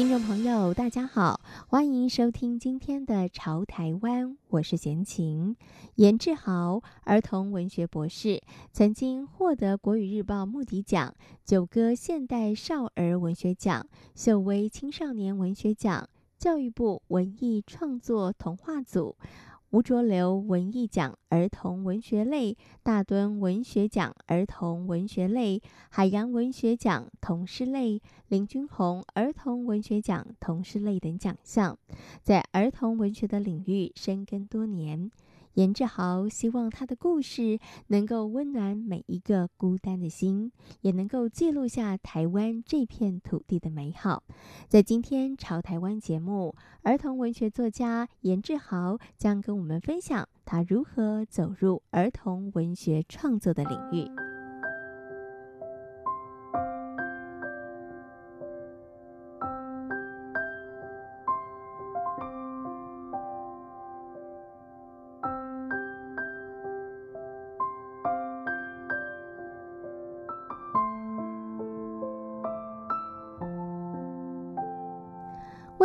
聽眾朋友，大家好，歡迎收聽今天的《潮台灣》，我是賢琴，顏志豪，兒童文學博士，曾經獲得國語日報牧笛獎、九歌現代少兒文學獎、秀威青少年文學獎、教育部文藝創作童話組。吳濁流文藝獎兒童文學類、大墩文學獎兒童文學類、海洋文學獎童詩類、林君鴻兒童文學獎童詩類等獎項，在兒童文學的領域深耕多年。顏志豪希望他的故事能夠溫暖每一個孤單的心，也能夠記錄下台灣這片土地的美好。在今天《潮台灣》節目，兒童文學作家顏志豪將跟我們分享他如何走入兒童文學創作的領域。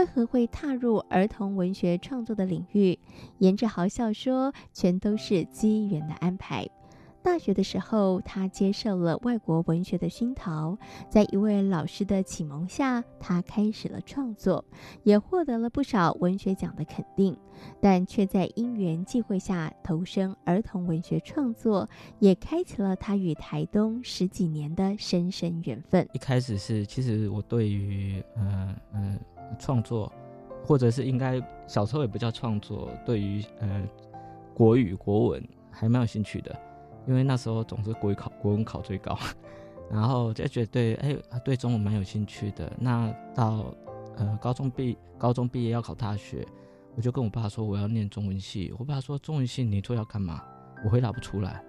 為何會踏入兒童文學創作的領域？顏志豪笑說：“全都是機緣的安排。大學的時候，他接受了外國文學的熏陶，在一位老師的啟蒙下，他開始了創作，也獲得了不少文學獎的肯定。但卻在因緣際會下投身兒童文學創作，也開啟了他與台東十幾年的深深緣分。一開始是，其實我對於，嗯、呃、嗯。呃”創作，或者是應該小時候也不叫創作。對於呃國語國文還蠻有興趣的，因為那時候總是國語考國文考最高， 然後就覺得對、欸、對中文蠻有興趣的。那到呃高中畢高中畢業要考大學，我就跟我爸說我要念中文系。我爸說中文系你最要幹嘛？我回答不出來。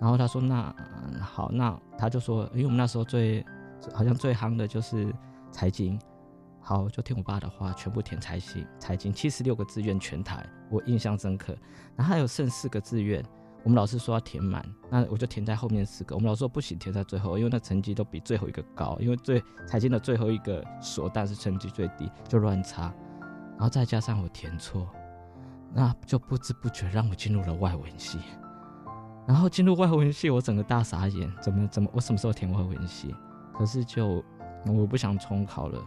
然後他說那好，那他就說因為、欸、我們那時候最好像最夯的就是財經。好，就聽我爸的話，全部填財經，財經七十六個志願全填，我印象深刻，然後還有剩四個志願，我們老師說要填滿，那我就填在後面四個。我們老師說不行，填在最後，因為那成績都比最後一個高，因為最財經的最後一個所但是成績最低，就亂差。然後再加上我填錯，那就不知不覺讓我進入了外文系。然後進入外文系，我整個大傻眼，怎麼怎麼我什麼時候填外文系？可是就我不想重考了。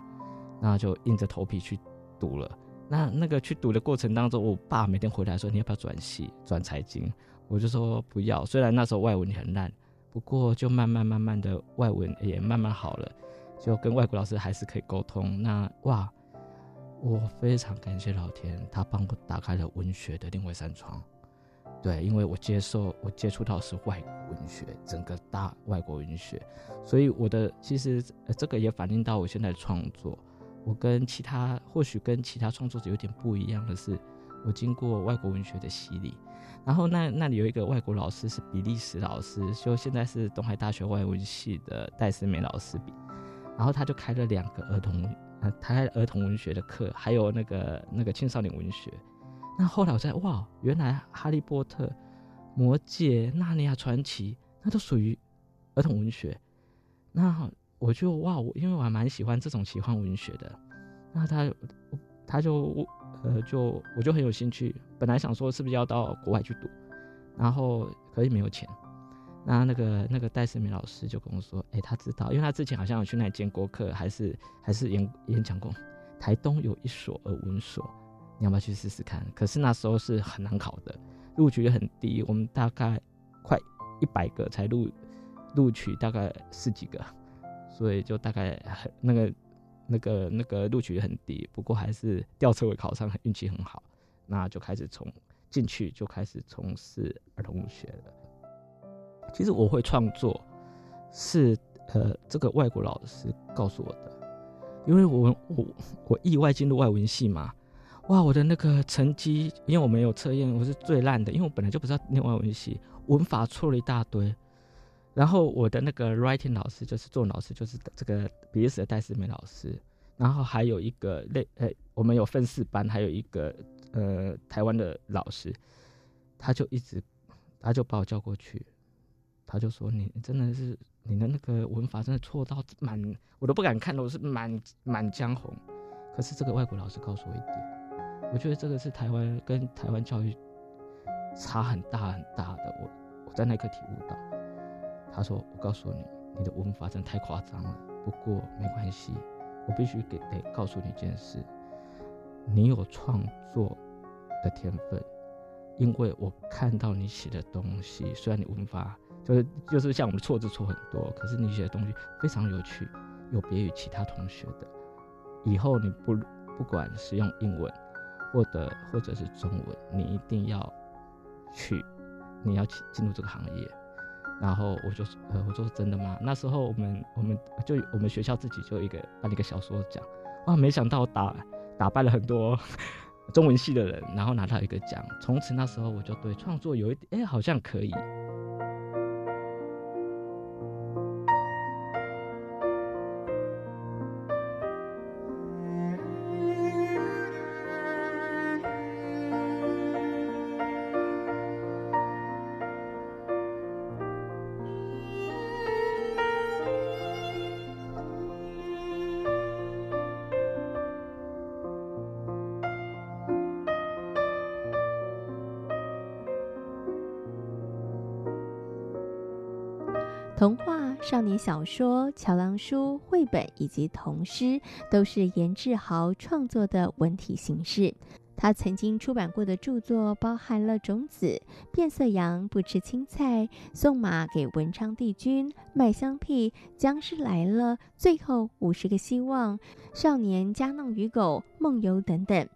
那就硬着頭皮去讀了。那那個去讀的過程當中，我爸每天回來說：“你要不要轉系，轉財經？”我就說：“不要。”雖然那時候外文很爛，不過就慢慢慢慢的外文也慢慢好了，就跟外國老師還是可以溝通。那哇，我非常感謝老天，他幫我打開了文學的另外一扇窗。對，因為我接受我接觸到是外國文學，整個大外國文學，所以我的其實、呃、這個也反映到我現在的創作。我跟其他或許跟其他創作者有點不一樣的是，我經過外國文學的洗禮。然後那那裡有一個外國老師是比利時老師，就現在是東海大學外文系的戴思美老師比。然後他就開了兩個兒童，他、呃、開兒童文學的課，還有那個那個青少年文學。那後來我在，哇，原來《哈利波特》《魔戒》《納尼亞傳奇》那都屬於兒童文學。那。我就哇，我因為我還蠻喜歡這種奇幻文學的，那他他就呃就我就很有興趣，本來想說是不是要到國外去讀，然後可以沒有錢。那那個那個戴世美老師就跟我說，哎、欸，他知道，因為他之前好像有去那裡見過課，還是還是演演講過。台東有一所兒文所，你要不要去試試看？可是那時候是很難考的，錄取率很低，我們大概快一百個才錄錄取大概四幾個。所以就大概很那個、那個、那個錄取很低，不過還是吊車尾考上，運氣很好。那就開始從進去就開始從事兒童文學了。其實我會創作是呃這個外國老師告訴我的，因為我我我意外進入外文系嘛，哇，我的那個成績，因為我沒有測驗，我是最爛的，因為我本來就不知道念外文系，文法錯了一大堆。然後我的那個 writing 老師就是作文老師，就是這個比利時的戴思美老師。然後還有一個類，呃、欸，我們有分四班，還有一個呃台灣的老師，他就一直，他就把我叫過去，他就說你真的是你的那個文法真的錯到滿，我都不敢看了，我是滿滿江紅。可是這個外國老師告訴我一點，我覺得這個是台灣跟台灣教育差很大很大的，我我在那一刻體悟到。他說：“我告訴你，你的文法真的太誇張了。不過沒關係，我必須給得、欸、告訴你一件事：你有創作的天分，因為我看到你寫的東西，雖然你文法就是就是像我們錯字錯很多，可是你寫的東西非常有趣，有別於其他同學的。以後你不不管是用英文，或者或者是中文，你一定要去，你要去進入這個行業。”然後我就說，呃，我說是真的嗎？那時候我們，我們就我們學校自己就一個辦了一個小說獎，哇，沒想到打打敗了很多 中文系的人，然後拿到一個獎。從此那時候我就對創作有一點，哎，好像可以。童話、少年小說、橋梁書、繪本以及童詩，都是顏志豪創作的文體形式。他曾經出版過的著作包含了《種子》《變色羊不吃青菜》《送馬給文昌帝君》《賣香屁》《僵屍來了》《最後五十個希望》《少年家弄魚狗》《夢遊》等等。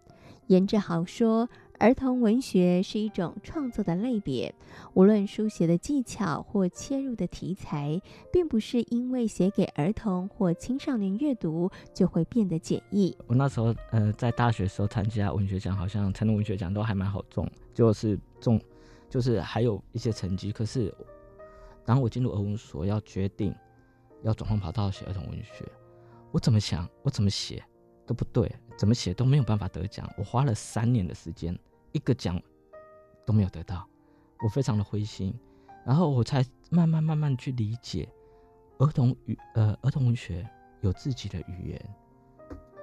顏志豪說。兒童文學是一種創作的類別，無論書寫的技巧或切入的題材，並不是因為寫給兒童或青少年閱讀就會變得簡易。我那時候，呃，在大學時候參加文學獎，好像參加文學獎都還蠻好中，就是中，就是還有一些成績。可是，然後我進入兒童所要決定，要轉換跑道寫兒童文學，我怎麼想，我怎麼寫？都不對，怎麼寫都沒有辦法得獎。我花了三年的時間，一個獎都沒有得到，我非常的灰心。然後我才慢慢慢慢去理解兒童語，呃，兒童文學有自己的語言，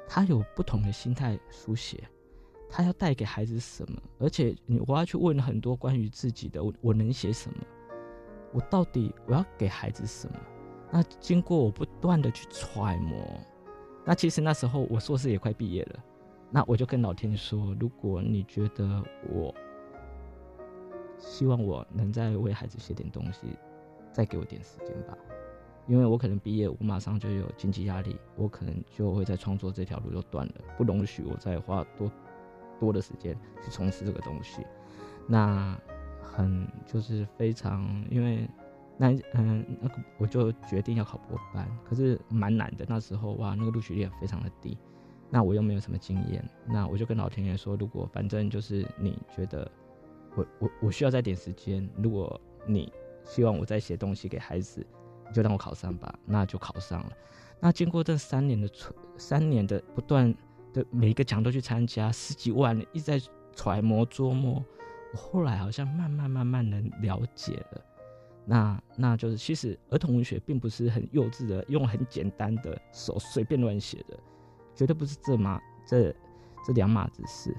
他有不同的心態書寫，他要帶給孩子什麼？而且，我我要去問了很多關於自己的，我我能寫什麼？我到底我要給孩子什麼？那經過我不斷的去揣摩。那其實那時候我碩士也快畢業了，那我就跟老天說：如果你覺得我希望我能再為孩子寫點東西，再給我點時間吧，因為我可能畢業，我馬上就有經濟壓力，我可能就會在創作這條路就斷了，不容許我再花多多的時間去從事這個東西。那很就是非常因為。那嗯，那個、我就決定要考博班，可是蠻難的。那時候哇，那個錄取率也非常的低。那我又沒有什麼經驗，那我就跟老天爺說：如果反正就是你覺得我我我需要再點時間，如果你希望我再寫東西給孩子，你就讓我考上吧。那就考上了。那經過這三年的、三年的不斷的每一個獎都去參加，十幾萬人一直在揣摩琢磨。我後來好像慢慢慢慢能了解了。那那就是，其實兒童文學並不是很幼稚的，用很簡單的手隨便亂寫的，絕對不是這碼這這兩碼子事。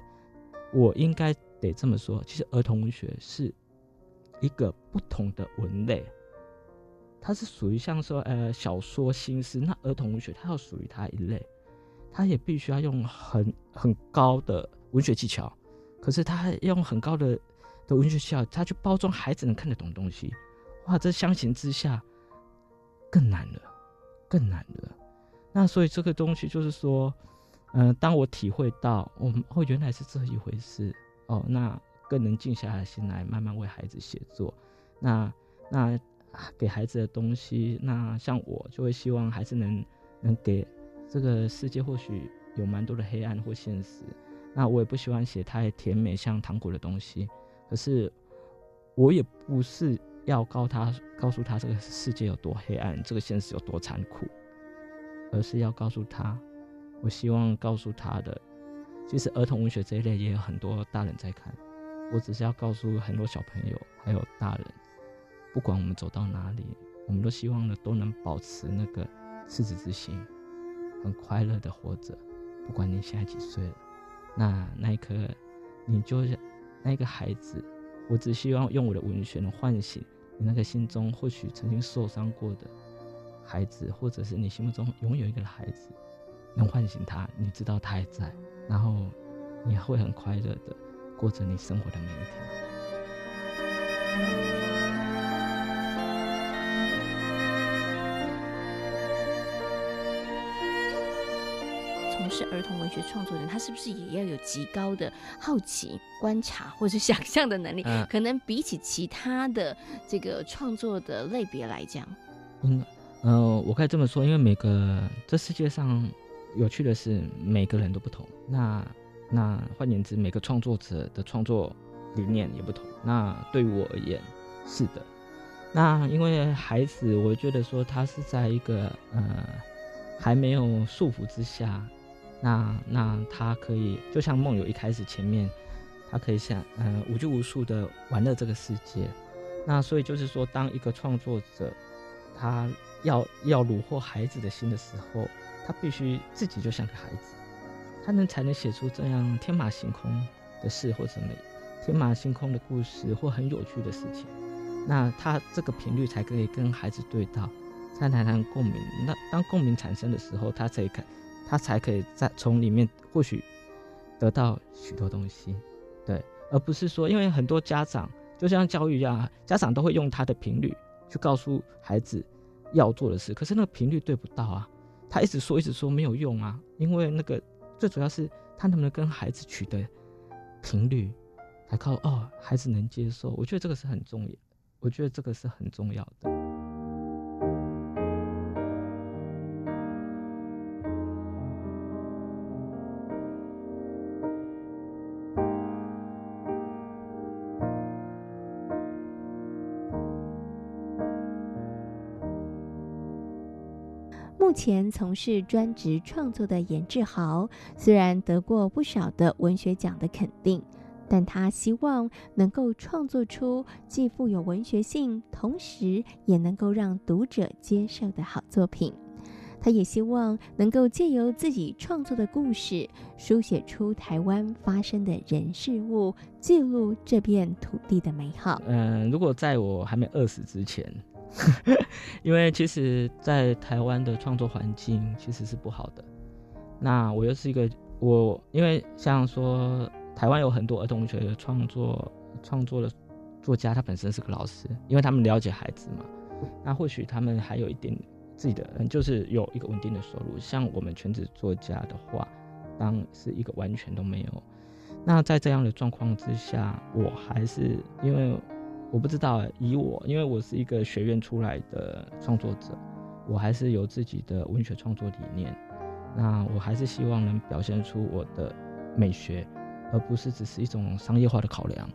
我應該得這麼說，其實兒童文學是一個不同的文類，它是屬於像說呃小說、新詩，那兒童文學它要屬於它一類，它也必須要用很很高的文學技巧，可是它用很高的的文學技巧，它去包裝孩子能看得懂東西。哇，這相形之下，更難了，更難了。那所以這個東西就是說，嗯、呃，當我體會到，我哦原來是這一回事哦，那更能靜下心來，慢慢為孩子寫作。那那、啊、給孩子的東西，那像我就會希望孩子能能給這個世界，或許有蠻多的黑暗或現實。那我也不喜歡寫太甜美像糖果的東西，可是我也不是，要告訴他，告訴他這個世界有多黑暗，這個現實有多殘酷，而是要告訴他，我希望告訴他的，其實兒童文學這一類也有很多大人在看，我只是要告訴很多小朋友還有大人，不管我們走到哪裡，我們都希望呢，都能保持那個赤子之心，很快樂的活着。不管你現在幾歲了，那那一刻，你就是那個孩子，我只希望用我的文學能喚醒。你那個心中或許曾經受傷過的孩子，或者是你心目中擁有一個孩子，能喚醒他，你知道他還在，然後你會很快樂的過着你生活的每一天。是兒童文學創作人，他是不是也要有極高的好奇、觀察或者想象的能力？呃、可能比起其他的這個創作的類別來講，嗯，呃，我可以這麼說，因為每個這世界上有趣的是每個人都不同。那那換言之，每個創作者的創作理念也不同。那對我而言，是的。那因為孩子，我覺得說他是在一個呃還沒有束縛之下。那那他可以就像夢遊一開始前面，他可以想嗯、呃、無拘無束的玩樂這個世界。那所以就是說，當一個創作者他要要虜獲孩子的心的時候，他必須自己就像個孩子，他能才能寫出這樣天馬行空的事或什麼天馬行空的故事或很有趣的事情。那他這個頻率才可以跟孩子對到，再談談共鳴。那當共鳴產生的時候，他才肯。他才可以在從裡面或許得到許多東西，對，而不是說，因為很多家長就像教育一樣，家長都會用他的頻率去告訴孩子要做的事，可是那個頻率對不到啊，他一直說一直說沒有用啊，因為那個最主要是他能不能跟孩子取得頻率，還靠哦孩子能接受，我覺得這個是很重要，我覺得這個是很重要的。前從事專職創作的嚴志豪，雖然得過不少的文學獎的肯定，但他希望能夠創作出既富有文學性，同時也能夠讓讀者接受的好作品。他也希望能夠借由自己創作的故事，書寫出台灣發生的人事物，記錄這片土地的美好。嗯、呃，如果在我還沒餓死之前， 因為其實，在台灣的創作環境其實是不好的。那我又是一個，我因為像說，台灣有很多兒童文學的創作創作的作家，他本身是個老師，因為他們了解孩子嘛。那或許他們還有一點自己的人，就是有一個穩定的收入。像我們全職作家的話，當然是一個完全都沒有。那在這樣的狀況之下，我還是因為。我不知道，以我，因為我是一個學院出來的創作者，我還是有自己的文學創作理念。那我還是希望能表現出我的美學，而不是只是一種商業化的考量。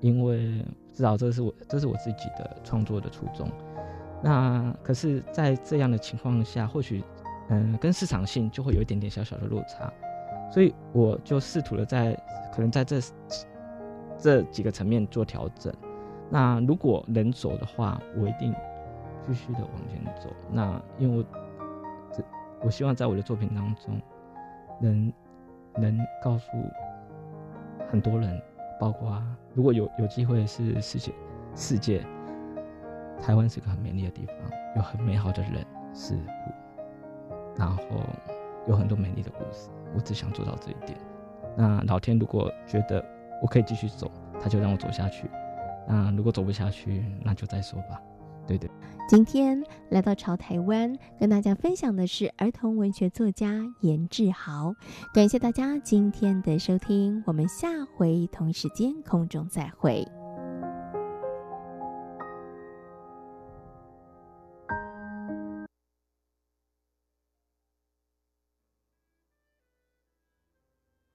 因為至少這是我，這是我自己的創作的初衷。那可是，在這樣的情況下，或許，嗯、呃，跟市場性就會有一點點小小的落差。所以我就試圖了在可能在這這幾個層面做調整。那如果能走的話，我一定繼續的往前走。那因為我，我希望在我的作品當中，能能告訴很多人，包括如果有有機會是世界，世界，台灣是個很美麗的地方，有很美好的人事物，然後有很多美麗的故事。我只想做到這一點。那老天如果覺得我可以繼續走，他就讓我走下去。啊、呃，如果走不下去，那就再說吧。對對，今天來到潮台灣，跟大家分享的是兒童文學作家顏志豪。感謝大家今天的收聽，我們下回同一時間空中再會。